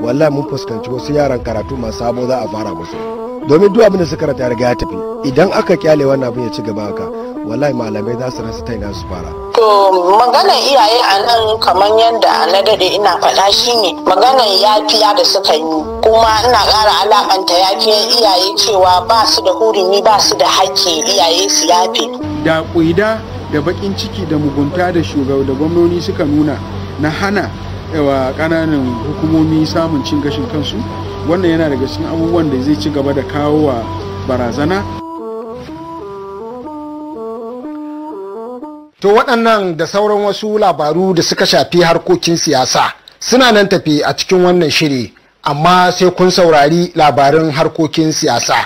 wallahi mun fuskanci wasu yaran karatu masu sabo za a fara musu domin duk abin da suka rata riga ya tafi idan aka kyale wannan abin ya ci gaba haka wallahi malamai za su rasa ta su fara to maganar iyaye a nan kamar yadda na dade ina faɗa shine maganar yafiya da suka yi kuma ina ƙara alaƙanta yafiya iyaye cewa ba su da hurumi ba su da haƙƙi iyaye su yafi da ƙuida da baƙin ciki da mugunta da shugaba da gwamnoni suka nuna na hana wa kananan hukumomi samun cin gashin kansu wannan yana daga cikin abubuwan da zai ci gaba da kawo wa barazana to waɗannan da sauran wasu labaru da suka shafi harkokin siyasa suna nan tafi a cikin wannan shiri amma sai kun saurari labarin harkokin siyasa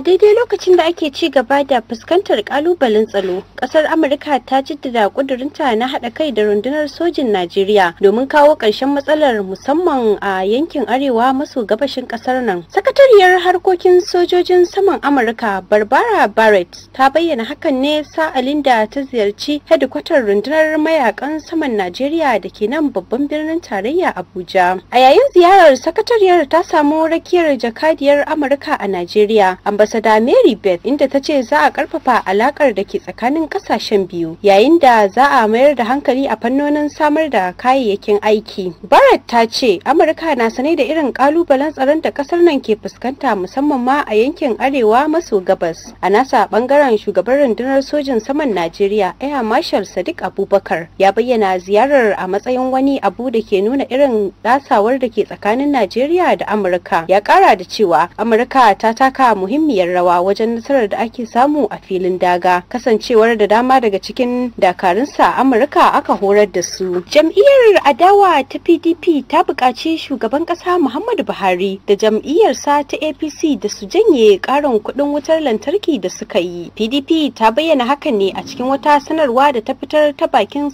A daidai lokacin da ake ci gaba da fuskantar kalubalen tsaro, kasar Amurka ta jaddada kudurinta na haɗa kai da rundunar sojin Najeriya domin kawo ƙarshen matsalar musamman a yankin arewa maso gabashin kasar nan. Sakatariyar harkokin sojojin saman Amurka Barbara Barrett ta bayyana hakan ne sa'alin da ta ziyarci hedikwatar rundunar mayakan saman Najeriya da ke nan babban birnin tarayya Abuja. A yayin ziyarar sakatariyar ta samu rakiyar jakadiyar Amurka a Najeriya, ambasada mary beth inda ta ce za a karfafa alakar da ke tsakanin kasashen biyu yayin da za a mayar da hankali a fannonin samar da kayayyakin aiki barrett ta ce amurka na sane da irin kalubalen tsaron da kasar nan ke fuskanta musamman ma a yankin arewa maso gabas a nasa bangaren shugaban rundunar sojin saman najeriya air marshal sadiq abubakar ya bayyana ziyarar a matsayin wani abu da ke nuna irin dasawar da ke tsakanin najeriya da amurka ya kara da cewa amurka ta taka muhimmi muhimmiyar rawa wajen nasarar da ake samu a filin daga kasancewar da dama daga cikin dakarunsa a amurka aka horar da su jam'iyyar adawa ta pdp ta buƙaci shugaban ƙasa muhammadu buhari da jam'iyyarsa ta apc da su janye ƙarin kuɗin wutar lantarki da suka yi pdp ta bayyana hakan ne a cikin wata sanarwa da ta fitar ta bakin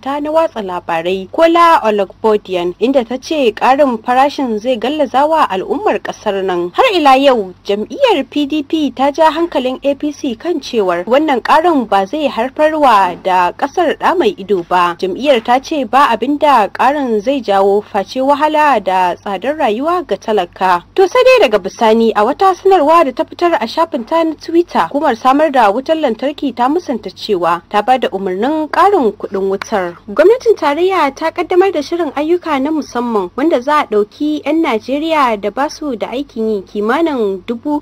ta na watsa labarai kola olagbodian inda ta ce ƙarin farashin zai gallazawa al'ummar ƙasar nan har ila yau jam'iyyar pdp ta ja hankalin apc kan cewar wannan karin ba zai haifarwa da kasar da mai ido ba jam'iyyar ta ce ba abin da karin zai jawo face wahala da tsadar rayuwa ga talaka to sai dai daga bisani a wata sanarwa da ta fitar a shafin ta na twitter kuma samar da wutar lantarki ta musanta cewa ta ba da umarnin karin kuɗin wutar gwamnatin tarayya ta kaddamar da shirin ayyuka na musamman wanda za a ɗauki 'yan najeriya da basu da aikin yi kimanin dubu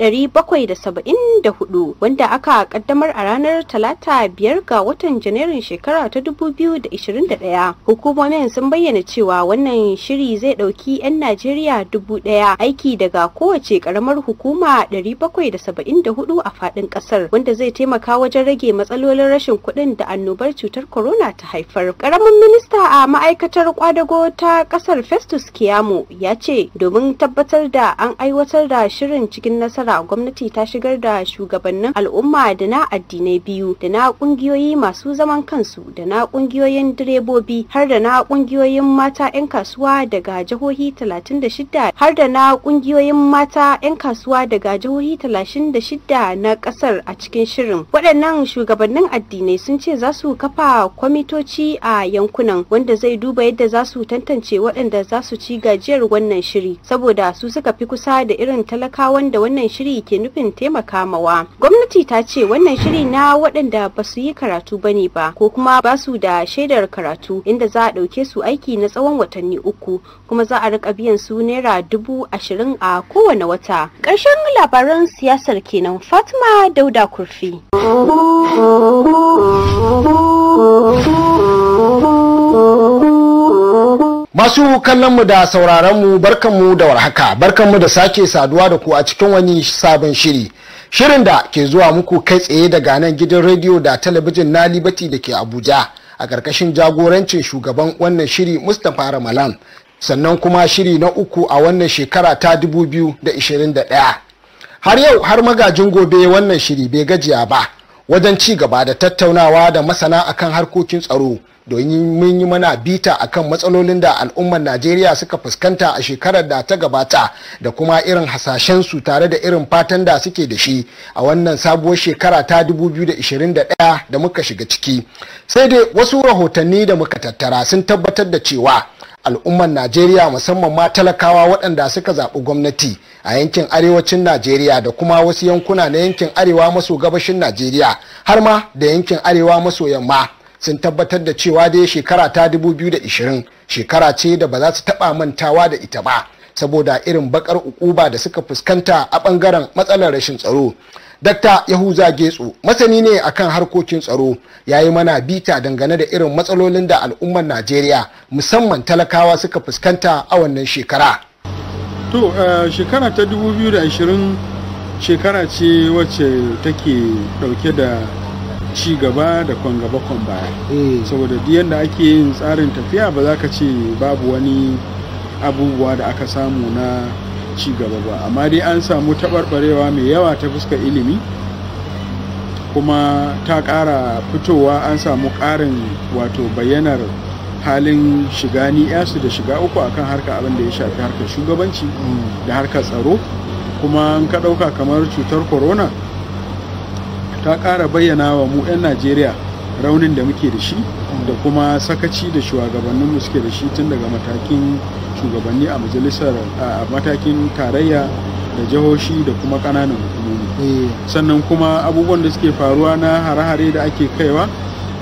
774 wanda aka kaddamar a ranar talata biyar ga watan janairun shekara ta 2021 hukumomin sun bayyana cewa wannan shiri zai dauki 'yan najeriya dubu daya aiki daga kowace karamar hukuma 774 a fadin kasar, wanda zai taimaka wajen rage matsalolin rashin kuɗin da annobar cutar corona ta haifar karamin minista a ma'aikatar kwadago ta ƙasar festus kiyamu ya ce domin tabbatar da an aiwatar da shirin cikin nasara gwamnati gwamnati ta shigar da shugabannin al'umma da na addinai biyu da na kungiyoyi masu zaman kansu da na kungiyoyin direbobi har da na kungiyoyin mata 'yan kasuwa daga jihohi 36 har da na kungiyoyin mata 'yan kasuwa daga jihohi 36 na kasar a cikin shirin waɗannan shugabannin addinai sun ce za su kafa kwamitoci a yankunan wanda zai duba yadda za su tantance waɗanda za su ci gajiyar wannan shiri saboda su suka fi kusa da irin talakawan da wannan shiri ke nufin taimaka mawa gwamnati ta ce wannan shiri na waɗanda ba su yi karatu ba ne ba ko kuma ba su da shaidar karatu inda za a ɗauke su aiki na tsawon watanni uku kuma za a rika biyan su naira dubu ashirin a kowane wata ƙarshen labaran siyasar kenan fatima dauda kurfi Masu kallonmu da sauraronmu barkanmu da warhaka, barkanmu da sake saduwa da ku a cikin wani sabon shiri. Shirin da ke zuwa muku kai tsaye daga nan gidan rediyo da talabijin na Liberty da ke Abuja a ƙarƙashin jagorancin shugaban wannan shiri Mustapha Ramalan. Sannan kuma shiri na uku a wannan shekara ta 2021. Har yau har magajin gobe wannan shiri bai gajiya ba wajen ci gaba da tattaunawa da masana akan harkokin tsaro. domin mun yi mana bita akan matsalolin da al'ummar najeriya suka fuskanta a shekarar da ta gabata da kuma irin hasashen su tare da irin fatan da suke da shi a wannan sabuwar shekara ta 2021 da muka shiga ciki sai dai wasu rahotanni da muka tattara sun tabbatar da cewa al'ummar najeriya musamman ma talakawa waɗanda suka zaɓi gwamnati a yankin arewacin najeriya da kuma wasu yankuna na yankin arewa maso gabashin najeriya har ma da yankin arewa maso yamma sun tabbatar da cewa dai shekara ta 2020 shekara ce da ba za su taɓa mantawa da ita ba saboda irin bakar ukuba da suka fuskanta a bangaren matsalar rashin tsaro dr yahuza getso masani ne akan harkokin tsaro ya yi mana bita dangane da irin matsalolin da al'ummar najeriya musamman talakawa suka fuskanta a wannan shekara to uh, shekara ta 2020 shekara ce wacce take dauke da ci gaba da kwan gaba baya eh. saboda duk yadda ake yin tsarin tafiya ba za ka ce babu wani abubuwa da aka samu na ci gaba ba amma dai an samu taɓarɓarewa mai yawa ta fuskar ilimi kuma ta ƙara fitowa an samu ƙarin wato bayyanar halin shiga ni'yasu da shiga uku akan harka abin da ya shafi harkar shugabanci mm. da harkar tsaro kuma an ka ɗauka kamar cutar corona ta ƙara bayyana wa mu 'yan najeriya raunin da muke da shi da kuma sakaci da mu suke da shi tun daga matakin shugabanni a majalisar a matakin tarayya da jihohi da kuma ƙananan hukumomi eh. sannan kuma abubuwan da suke faruwa na hare-hare da ake kaiwa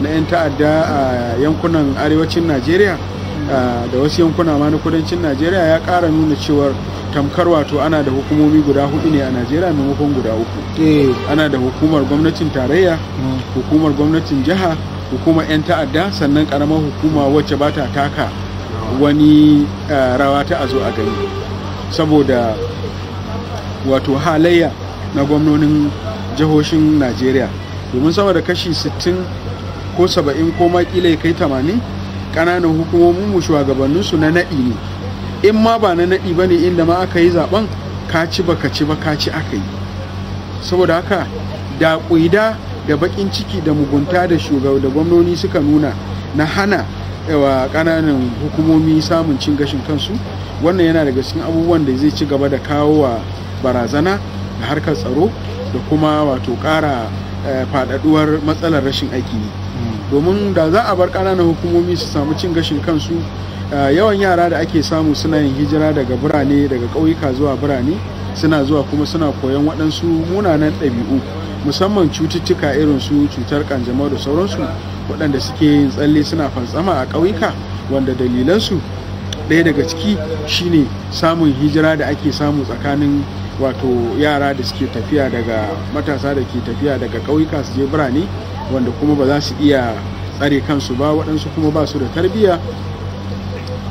na 'yan ta'adda a yankunan arewacin najeriya da wasu yankuna ma na kudancin najeriya ya kara nuna cewar tamkar wato ana da hukumomi guda hudu ne a najeriya maimakon guda uku eh. ana da hukumar gwamnatin tarayya hmm. hukumar gwamnatin jiha hukumar 'yan ta'adda sannan karamar hukuma wacce ba ta taka wani rawa ta a zo a gani saboda wato halayya na gwamnonin jihohin najeriya domin sama da kashi 60 ko 70 ko makilai ya kai 80 ƙananan hukumomin mu shugabannin su na naɗi ne in ma ba na naɗi bane inda ma aka yi zaben ka ci baka ci ba ka ci aka yi saboda haka da ƙuida da baƙin ciki da mugunta da shugaba da gwamnoni suka nuna na hana wa ƙananan hukumomi samun cin gashin kansu wannan yana daga cikin abubuwan da zai ci gaba da kawo wa barazana da harkar tsaro da kuma wato ƙara eh, faɗaɗuwar matsalar rashin aiki ne domin da za a bar ƙananan hukumomi su samu cin gashin kansu yawan yara da ake samu suna yin hijira daga birane daga ƙauyuka zuwa birane suna zuwa kuma suna koyon waɗansu munanan ɗabi'u musamman cututtuka irin su cutar kanjamau da sauransu waɗanda suke yin tsalle suna fantsama a ƙauyuka wanda dalilansu ɗaya daga ciki shine samun hijira da ake samu tsakanin wato yara da suke tafiya daga matasa da ke tafiya daga ƙauyuka su je birane wanda kuma ba za su iya tsare kansu ba waɗansu kuma ba su da tarbiyya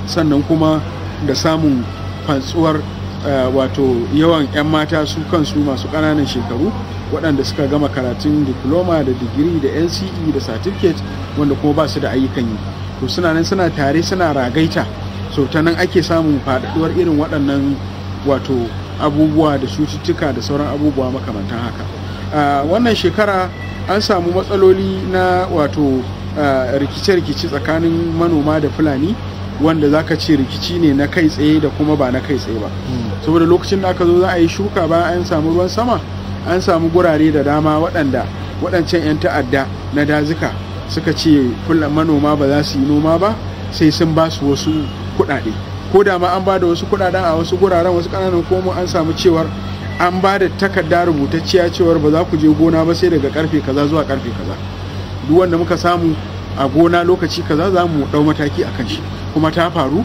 sannan kuma da samun fantsuwar eh, wato yawan 'yan mata su kansu masu ƙananan shekaru waɗanda suka gama karatun diploma da digiri da nce da certificate wanda kuma ba su da ayyukan yi to suna nan suna tare suna ragaita so ta nan ake samun faɗaɗuwar irin waɗannan wato abubuwa da cututtuka da sauran abubuwa makamantan haka wannan shekara an samu matsaloli na wato rikice-rikice tsakanin manoma da fulani wanda za ka ce rikici ne na kai tsaye da kuma ba na kai tsaye ba hmm. saboda lokacin da aka zo za a yi shuka bayan an samu ruwan sama an samu gurare da dama waɗanda waɗancan 'yan ta'adda na dazuka suka ce manoma ba za su yi noma ba sai sun ba su wasu kuɗaɗe ko da ma an ba da wasu kuɗaɗen a wasu guraren wasu ƙananan komo an samu cewar an ba da takarda rubutacciya cewar ba za ku je gona ba sai daga karfe kaza zuwa karfe kaza duk wanda muka samu a gona lokaci kaza za mu dau mataki akan shi kuma ta faru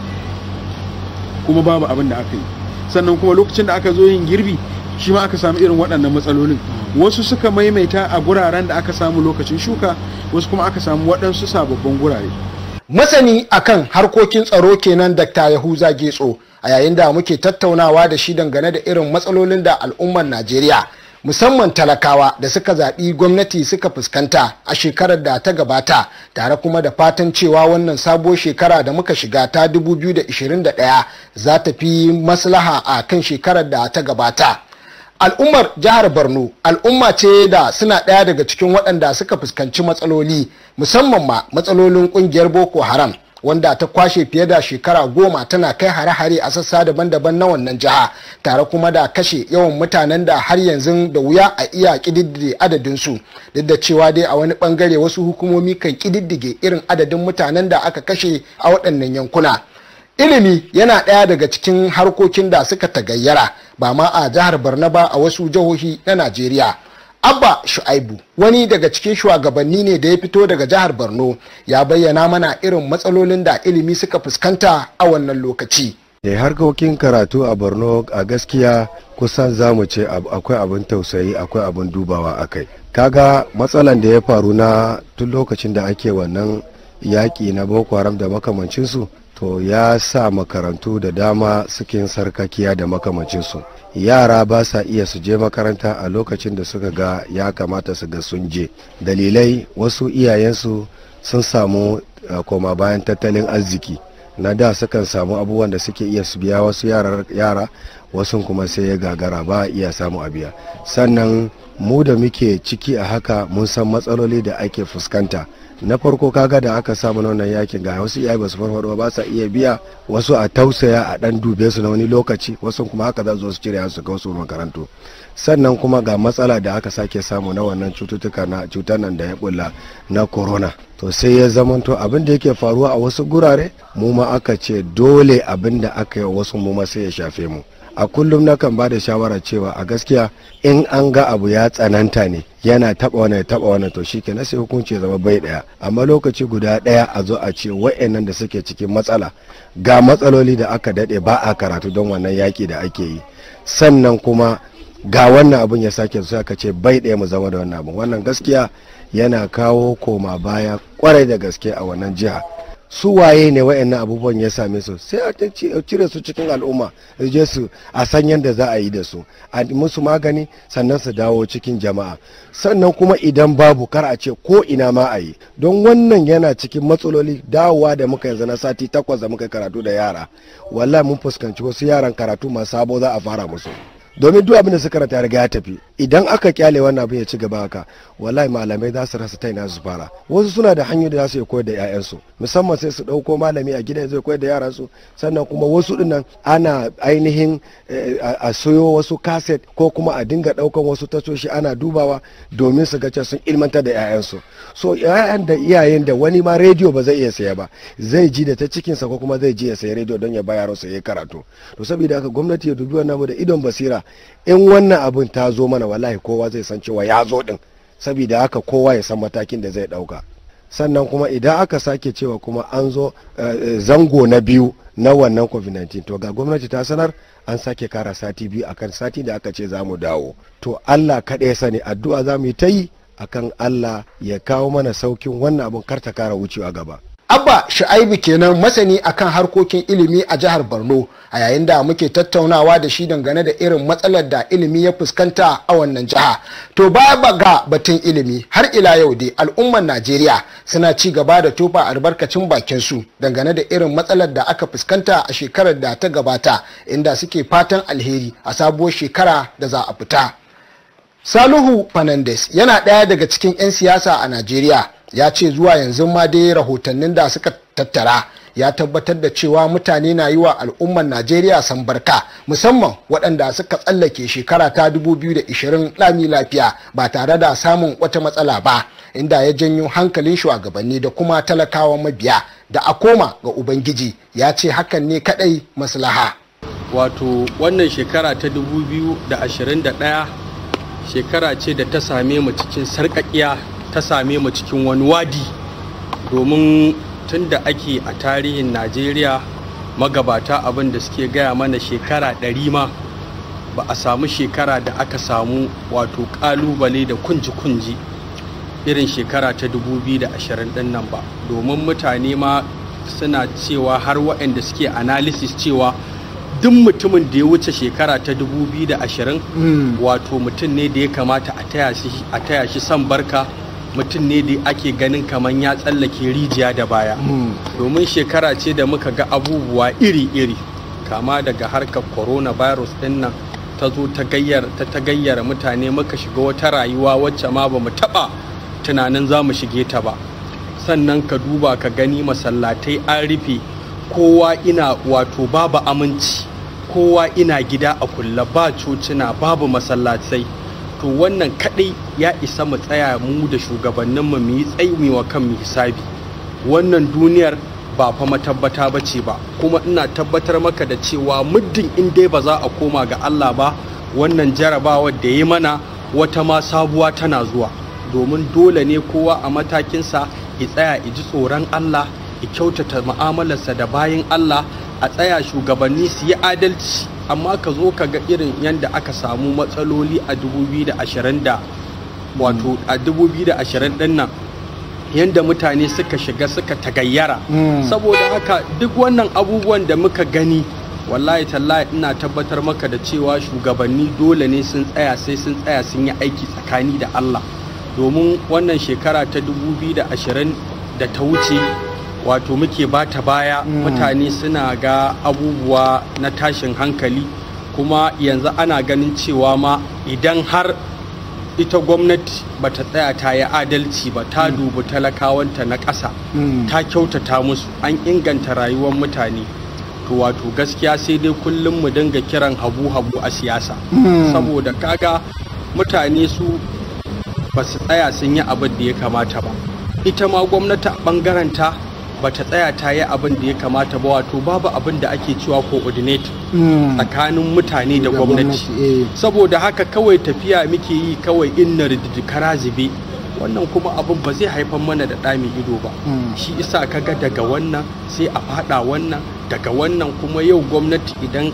kuma babu abin da aka yi sannan kuma lokacin da aka zo yin girbi shi ma aka samu irin waɗannan matsalolin wasu suka maimaita a guraren da aka samu lokacin shuka wasu kuma aka samu waɗansu sababbin gurare masani akan harkokin tsaro kenan dr yahuza getso a yayin da muke tattaunawa da shi dangane da irin matsalolin da al'ummar najeriya musamman talakawa da suka zaɓi gwamnati suka fuskanta a shekarar da ta gabata tare kuma da fatan cewa wannan sabuwar shekara da muka shiga ta 2021 za ta fi maslaha a kan shekarar da ta gabata al'ummar jihar borno al'umma ce da suna ɗaya daga cikin waɗanda suka fuskanci matsaloli musamman ma matsalolin ƙungiyar boko haram wanda ta kwashe fiye da shekara goma tana kai hare-hare a sassa daban-daban na wannan jiha tare kuma da kashe yawan mutanen da har yanzu da wuya a iya kididdige adadinsu duk da cewa dai a wani bangare wasu hukumomi kan kididdige irin adadin mutanen da aka kashe a waɗannan yankuna ilimi yana ɗaya daga cikin harkokin da suka tagayyara ba ma a jihar borno ba a wasu jihohi na najeriya abba shu'aibu wani daga cikin shugabanni ne da ya fito daga jihar borno ya bayyana mana irin matsalolin da ilimi suka fuskanta a wannan lokaci da eh, harkokin karatu a borno a gaskiya kusan zamu ce akwai abin tausayi akwai abin dubawa a kai kaga matsalan da ya faru na tun lokacin da ake wannan yaƙi na boko haram da makamancinsu to ya sa makarantu da dama sukin sarkakiya da makamacinsu yara ba sa iya su je makaranta a lokacin da suka ga ya kamata su ga sun je dalilai wasu iyayensu sun samu eh, koma bayan tattalin arziki na da sukan samu abubuwan da suke iya su biya wasu yara wasu kuma sai ya gagara ba iya samu a biya sannan mu da muke ciki a haka mun san matsaloli da ake fuskanta na farko kaga da aka samu na wannan yakin ga wasu iyaye ba su farfado ba sa iya biya wasu a tausaya a dan dube su na wani lokaci wasu kuma haka za su cire su ga wasu makarantu sannan kuma ga matsala da aka sake samu na wannan cututtuka na cutar nan da ya bulla na corona to sai ya zamanto abin da yake faruwa a wasu gurare mu ma aka ce dole abin da aka yi wasu mu ma sai ya shafe mu a kullum nakan ba da shawara cewa a gaskiya in an ga abu ya tsananta ne yana taba wani taba wani to shi na sai hukunci ya zama bai daya amma lokaci guda daya a zo a ce wa'annan da suke cikin matsala ga matsaloli da aka dade ba a karatu don wannan yaki da ake yi sannan kuma ga wannan abun ya sake zuwa ka ce bai daya mu zama da wannan abun wannan gaskiya yana kawo koma baya kwarai da gaske a wannan jiha su waye ne wa'annan abubuwan ya same su sai a cire su cikin al'umma je su a san yadda za a yi da su a musu magani sannan su dawo cikin jama'a sannan kuma idan babu kar a ce ko ina ma a yi don wannan yana cikin matsaloli dawowa da muka yanzu na sati takwas da muka karatu da yara wallahi mun fuskanci wasu yaran karatu masu sabo za a fara musu domin duk abin da suka karanta riga ya tafi idan aka kyale wannan abin ya ci gaba haka wallahi malamai za su rasa taina su fara wasu suna da hanyoyi da za su koyar da 'ya'yansu musamman sai su ɗauko malami a gidan zai koyar da yaransu sannan kuma wasu dinnan ana ainihin eh, a soyo wasu kaset ko kuma a dinga ɗaukan wasu tashoshi ana dubawa domin su ga sun ilmantar da 'ya'yansu so 'ya'yan da iyayen da wani ma rediyo ba zai iya saya ba zai ji da ta cikinsa ko kuma zai ji ya sayi rediyo don ya ba yaransa ya karatu to saboda haka gwamnati ya dubi wannan da idon basira in wannan abin ta zo mana da wallahi kowa zai san cewa ya zo din saboda haka kowa ya san matakin da zai dauka sannan kuma idan aka sake cewa kuma an zo eh, eh, zango na biyu na wannan covid-19 to ga gwamnati ta sanar an sake kara sati biyu akan sati da aka ce za mu dawo to allah kaɗai sani addu'a za mu yi ta yi akan allah ya kawo mana saukin wannan abin karta kara wucewa gaba abba shu'aibu kenan masani akan harkokin ilimi a jihar borno a yayin da muke tattaunawa da shi dangane da irin matsalar da ilimi ya fuskanta a wannan jiha to baya ba ga batun ilimi har ila yau dai al'ummar najeriya suna ci gaba da tofa albarkacin bakin su dangane da irin matsalar da aka fuskanta a shekarar da ta gabata inda suke fatan alheri a sabuwar shekara da za a fita Saluhu Fernandes yana ɗaya daga cikin 'yan siyasa a Najeriya ya ce zuwa yanzu ma dai rahotannin da suka tattara ya tabbatar da cewa mutane na yi wa al'ummar najeriya sambarka musamman waɗanda suka tsallake shekara ta 2020 lami lafiya ba tare da samun wata matsala ba inda ya janyo hankalin shugabanni da kuma talakawa mabiya da a koma ga ubangiji ya ce hakan ne kaɗai maslaha wato wannan shekara ta 2021 shekara ce da ta same mu cikin sarƙaƙiya ta same mu cikin wani wadi domin tun da ake a tarihin najeriya magabata abin da suke gaya mana shekara ɗari ma ba a samu shekara da aka samu wato ƙalubale da kunji-kunji irin shekara ta 2020 ɗin nan ba domin mutane ma suna cewa har waɗanda suke analysis cewa duk mutumin da ya wuce shekara ta 2020 hmm. wato mutum ne da ya kamata a taya shi san barka mutum ne da ake ganin kamar ya tsallake rijiya da baya hmm. domin shekara ce da muka ga abubuwa iri-iri kama daga harkar coronavirus din nan ta zo ta gayyara mutane muka shiga wata rayuwa wacce ma ba mu taɓa tunanin za mu shige ta ba sannan ka duba ka gani masallatai an rufe kowa ina wato babu aminci kowa ina gida a kulla ba cocina babu masallatai to wannan kaɗai ya isa mu tsaya mu da shugabanninmu mu yi tsayi wa kan mu hisabi wannan duniyar ba fa tabbata ba ce ba kuma ina tabbatar maka da cewa muddin in dai ba za a koma ga Allah ba wannan jarabawar da ya mana wata ma sabuwa tana zuwa domin dole ne kowa a matakinsa ya tsaya ya ji tsoron Allah ya kyautata mu'amalarsa da bayin Allah a tsaya shugabanni su yi adalci amma ka zo ka ga irin yadda aka samu matsaloli a 2020 da wato a 2020 din nan yadda mutane suka shiga suka tagayyara hmm. saboda haka duk wannan abubuwan da muka gani wallahi tallahi ina tabbatar maka da cewa shugabanni dole ne sun tsaya sai sun tsaya sun yi aiki tsakani da Allah domin wannan shekara ta 2020 da ta wuce wato muke bata baya mm. mutane suna ga abubuwa na tashin hankali kuma yanzu ana ganin cewa ma idan har ita gwamnati ba ta tsaya ta yi adalci ba ta mm. dubi talakawanta na ƙasa mm. ta kyautata musu an inganta rayuwar mutane to wato gaskiya sai dai kullum mu dinga kiran habu-habu a siyasa saboda kaga mutane su ba su tsaya sun yi abin da ya kamata ba ita ma gwamnati a bangaranta. ba ta tsaya ta yi abin da ya kamata ba wato babu abin da ake cewa coordinate hmm. tsakanin mutane da gwamnati eh. saboda haka kawai tafiya muke yi kawai inna rididikara zube wannan kuma abin ba zai haifar mana da ɗami ido ba hmm. shi isa kaga daga wannan sai a fada wannan daga wannan kuma yau gwamnati idan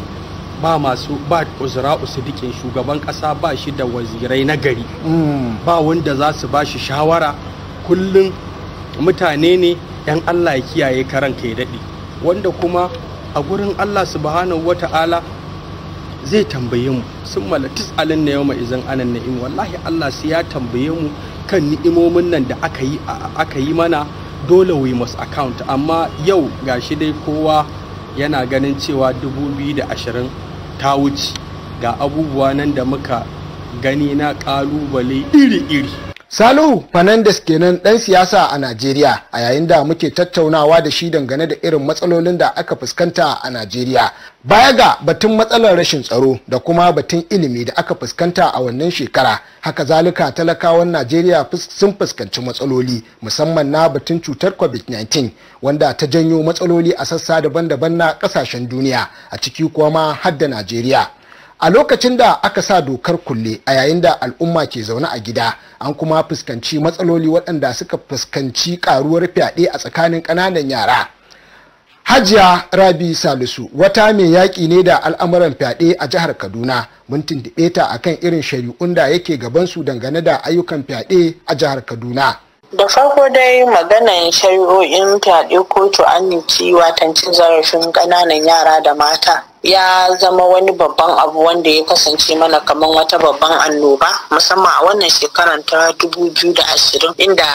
ba masu ba uzura usudikin shugaban ƙasa ba shi da wazirai na gari hmm. ba wanda za su ba shi shawara kullum mutane ne dan Allah ya kiyaye karanka ya daɗe wanda kuma a gurin Allah subhanahu ta'ala zai tambaye mu sun malatis alin na yau izan anan na'im wallahi Allah sai ya tambaye mu kan ni'imomin nan da aka yi aka mana dole we must account amma yau gashi dai kowa yana ganin cewa 2020 ta wuce ga abubuwa nan da muka gani na ƙalubale iri-iri Salihu Fernandes kenan ɗan siyasa a Najeriya a yayin da muke tattaunawa da shi dangane da irin matsalolin da aka fuskanta a Najeriya. Baya ga batun matsalar rashin tsaro da kuma batun ilimi da aka fuskanta a wannan shekara, haka zalika talakawan Najeriya sun fuskanci matsaloli musamman na batun cutar COVID-19 wanda ta janyo matsaloli a sassa daban-daban na ƙasashen duniya a ciki kuwa ma har da Najeriya. a lokacin da aka sa dokar kulle a yayin da al'umma ke zaune a gida an kuma fuskanci matsaloli waɗanda suka fuskanci ƙaruwar fyaɗe a tsakanin ƙananan yara hajiya rabi salisu wata mai yaƙi ne da al'amuran fyaɗe a jihar kaduna mun tuntuɓe ta akan irin shari'un da yake gabansu dangane da ayyukan fyaɗe a jihar kaduna da farko dai maganan shari'o'in fyaɗe kotu an ci watancin zarafin ƙananan yara da mata ya zama wani babban abu wanda ya kasance mana kamar wata babban annoba musamman a wannan shekarar ta dubu biyu da 2020 inda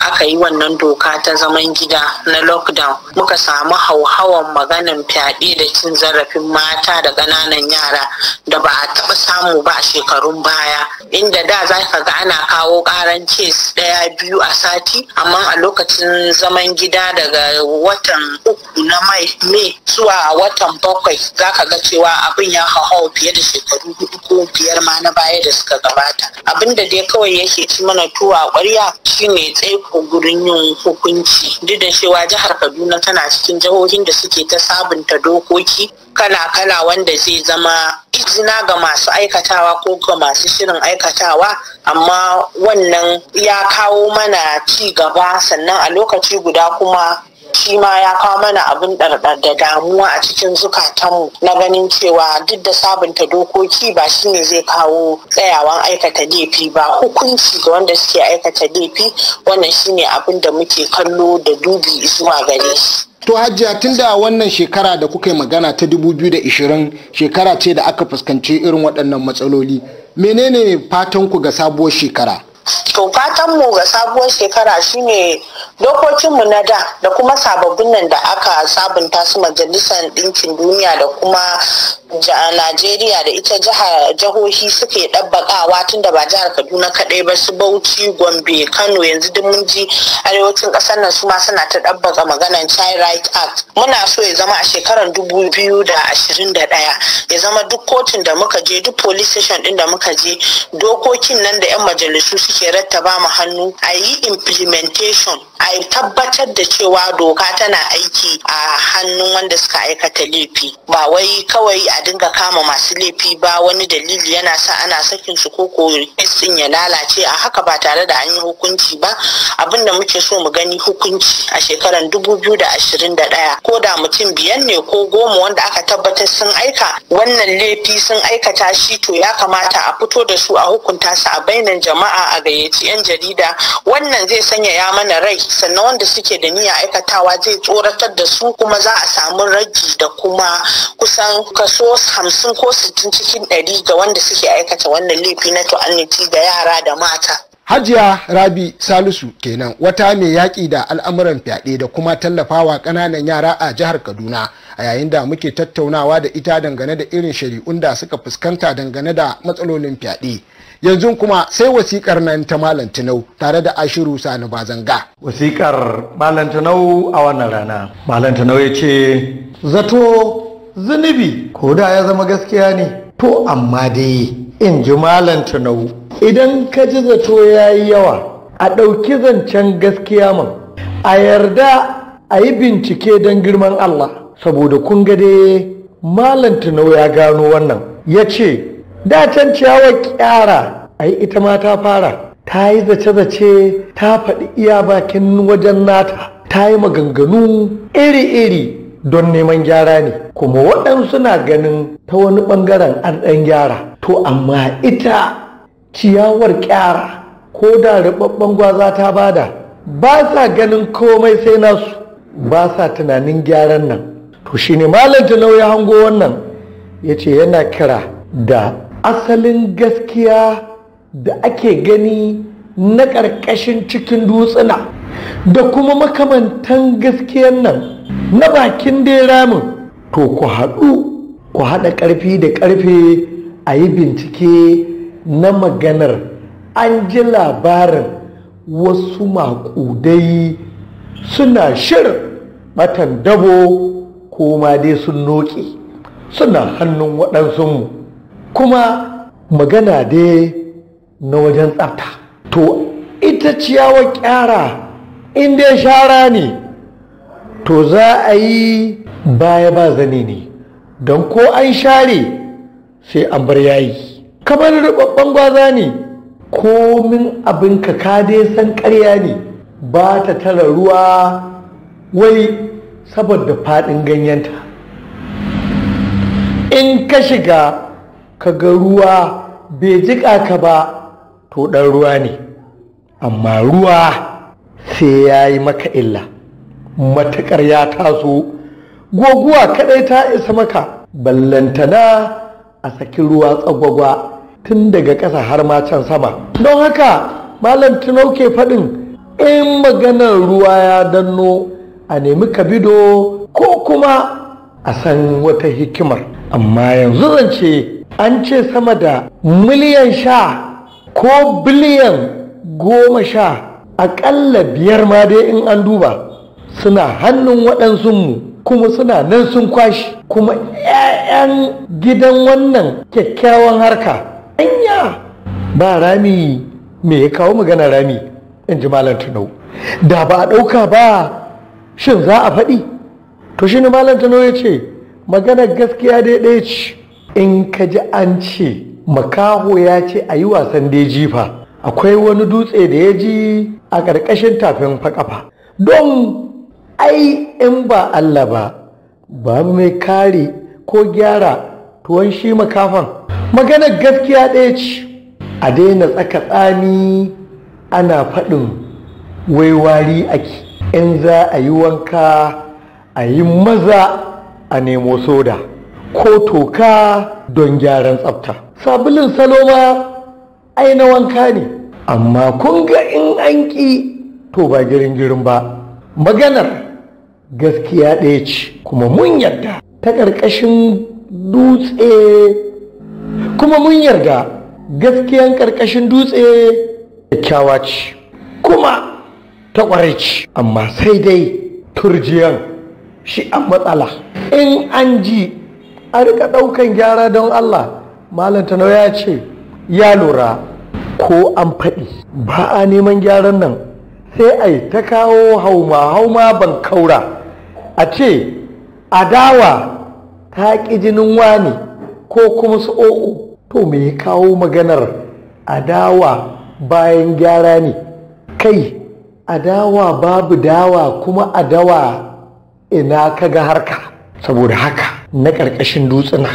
aka yi wannan doka ta zaman gida na lockdown muka samu hauhawan maganin fyaɗe da cin zarafin mata da ƙananan yara da ba a taɓa samu ba a shekarun baya inda da za ka ga ana kawo ƙaran kes ɗaya biyu a sati amma a lokacin zaman gida daga watan uku na mai zuwa watan bakwai za ka ga cewa abin ya hauhawa fiye da shekaru hudu ko biyar ma na baya da suka gabata abin da dai kawai yake ci mana tuwa ƙwarya shine tsaiko gurin yin hukunci duk da cewa jihar kaduna tana cikin jihohin da suke ta sabunta dokoki kala-kala wanda zai zama izina ga masu aikatawa ko ga masu shirin aikatawa amma wannan ya kawo mana ci gaba sannan a lokaci guda kuma shi ma ya kawo mana abin ɗarɗar da damuwa a cikin zukatanmu na ganin cewa duk da sabunta dokoki ba shi ne zai kawo tsayawan aikata laifi ba hukunci ga wanda suke aikata laifi wannan shine abin da muke kallo da dubi zuwa gare shi To Hajiya tun da wannan shekara da kuka yi magana ta 2020 shekara ce da aka fuskanci irin waɗannan matsaloli. Menene fatan ku ga sabuwar shekara? to fatan mu ga sabuwar shekara shine dokokinmu na da da kuma sababbin nan da aka sabunta su majalisar ɗinkin duniya da kuma A Najeriya da ita jihohi suke ɗabbaƙawa tun da ba jihar Kaduna kaɗai ba su Bauchi, Gombe, Kano yanzu duk mun ji arewacin ƙasar nan su ma suna ta ɗabbaka maganan Child Right Act. Muna so ya zama a shekarar dubu biyu da ashirin da ɗaya ya zama duk kotun da muka je duk police station ɗin da muka je dokokin nan da 'yan majalisu suke rattaba mu hannu a yi implementation a tabbatar da cewa doka tana aiki a hannun wanda suka aikata laifi ba wai kawai a dinga kama masu laifi ba wani dalili yana sa ana sakin su ko ko din ya lalace a haka ba tare da an yi hukunci ba abin da muke so mu gani hukunci a shekarar 2021 ko da mutum biyan ne ko goma wanda aka tabbatar sun aika wannan laifi sun aikata shi to ya kamata a fito da su a hukunta su a bainan jama'a a gayyaci 'yan jarida wannan zai sanya ya mana rai sannan wanda suke da niyya aikatawa zai tsoratar da su kuma za a samu ragi da kuma kusan kaso hamsin ko sittin cikin ɗari ga wanda suke aikata wannan laifi na tu'anniti ga yara da mata. Hajiya Rabi Salisu kenan wata mai yaƙi da al'amuran fyaɗe da kuma tallafawa ƙananan yara a jihar Kaduna a yayin da muke tattaunawa da ita dangane da irin shari'un da suka fuskanta dangane da matsalolin fyaɗe. yanzu kuma sai wasikar nan ta malam tinau tare da ashiru sani bazanga wasikar malam tinau a wannan rana malam tinau ya ce zato zunubi ko da ya zama gaskiya ne to amma dai in ji malam tinau idan ka ji zato ya yi yawa a ɗauki zancen gaskiya man a yarda a yi bincike don girman allah saboda kun ga dai malam tinau ya gano wannan ya ce da can ciyawar kyara ai ita ma ta fara ta yi zace-zace ta faɗi iya bakin wajen nata ta yi maganganu iri-iri don neman gyara ne kuma waɗansu na ganin ta wani ɓangaren an ɗan gyara to amma ita ciyawar kyara ko da riɓaɓɓen gwaza ta bada ba sa ganin komai sai nasu ba sa tunanin gyaran nan to shine malam ta ya hango wannan ya ce yana kira da asalin gaskiya da ake gani na ƙarƙashin cikin dutsuna da kuma makamantan gaskiyan nan na bakin dai ramin to ku haɗu ku haɗa ƙarfi da ƙarfe a yi bincike na maganar an ji labarin wasu maƙudai suna shirin batan dabo ko ma dai sun noki suna hannun waɗansunmu kuma magana dai na wajen tsafta to ita ciyawar kyara in dai shara ne to za a yi baya ba zane ne don ko an share sai an bar yayi kamar rubabban gwaza ne Ko min abin ka dai san karya ne ba ta tara ruwa wai saboda faɗin ganyenta in ka shiga ka ga ruwa bai jiƙa ka ba to ɗan ruwa ne amma ruwa sai ya yi maka illa matuƙar ya taso guguwa kadai ta isa maka ballantana a sakin ruwa tsagwagwa tun daga ƙasa har ma can sama don haka malam tunauke ke faɗin in maganar ruwa ya danno a nemi kabido ko kuma a san wata hikimar amma yanzu zance an ce sama da miliyan sha ko biliyan goma sha aƙalla biyar ma dai in an duba suna hannun waɗansunmu kuma suna nan sun kwashi kuma 'ya'yan gidan wannan kyakkyawan harka anya ba rami me ya kawo magana rami in ji malam tunau da ba a ɗauka ba shin za a faɗi to shi ne malam tunau ya ce magana gaskiya daidai ce in ka ji an ce makaho ya ce a yi wasan deji fa akwai wani dutse da ya ji a ƙarƙashin tafin faƙafa don ai in ba Allah ba ba mai kare ko gyara tuwon shi makafan maganar gaskiya ɗaya ce a daina tsaka tsami ana faɗin waiwari ake in za a yi wanka a yi maza a nemo soda ko toka don gyaran tsafta sabulin salo ma ai na wanka ne amma kun ga in an ƙi to ba girin girin ba maganar gaskiya ɗaya ce kuma mun yarda ta ƙarƙashin dutse kuma mun yarda gaskiyan ƙarƙashin dutse kyakkyawa ce kuma ta ƙwarai ce amma sai dai turjiyan shi a matsala in an ji a rika ɗaukan gyara don Allah malam ta ya ce ya lura ko an faɗi ba a neman gyaran nan sai a yi ta kawo hauma hauma ban kaura a ce adawa ta ƙi jinin wani ko kuma su o'o to me ya kawo maganar adawa bayan gyara ne kai adawa babu dawa kuma adawa ina kaga harka saboda haka na ƙarƙashin dutsuna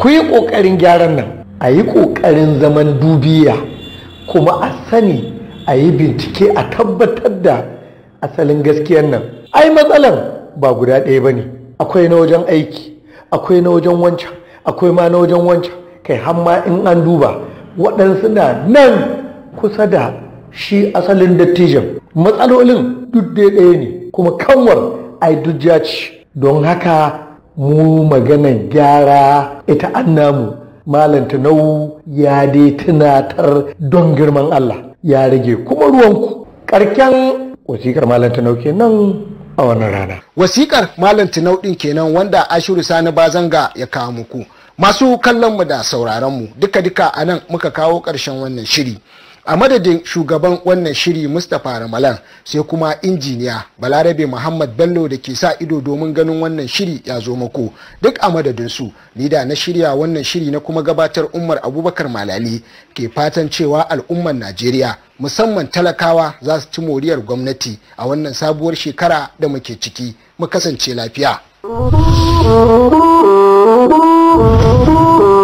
ku yi ƙoƙarin gyaran nan a yi ƙoƙarin zaman dubiya kuma a sani a yi bincike a tabbatar da asalin gaskiyar nan ai matsalan ba guda ɗaya ba ne akwai na wajen aiki akwai na wajen wancan akwai ma na wajen wancan kai hamma in an duba waɗansu na nan kusa da shi asalin dattijan matsalolin duk ɗaya ne kuma kanwar ai duk don haka mu maganar gyara ita an namu malam tunau ya dai tunatar don girman Allah ya rage kuma ruwanku karken wasikar malam tunau kenan a wannan rana wasikar malam tunau din kenan wanda ashiru sani bazanga ya kawo muku masu kallon mu da sauraron mu duka duka anan muka kawo ƙarshen wannan shiri a madadin shugaban wannan shiri mustapha ramalan sai kuma injiniya balarabe muhammad bello da ke sa ido domin ganin wannan shiri ya zo mako duk a madadin su ni da na shirya wannan shiri na kuma gabatar umar abubakar malali ke fatan cewa al'ummar najeriya musamman talakawa za su ci moriyar gwamnati a wannan sabuwar shekara da muke ciki mu kasance lafiya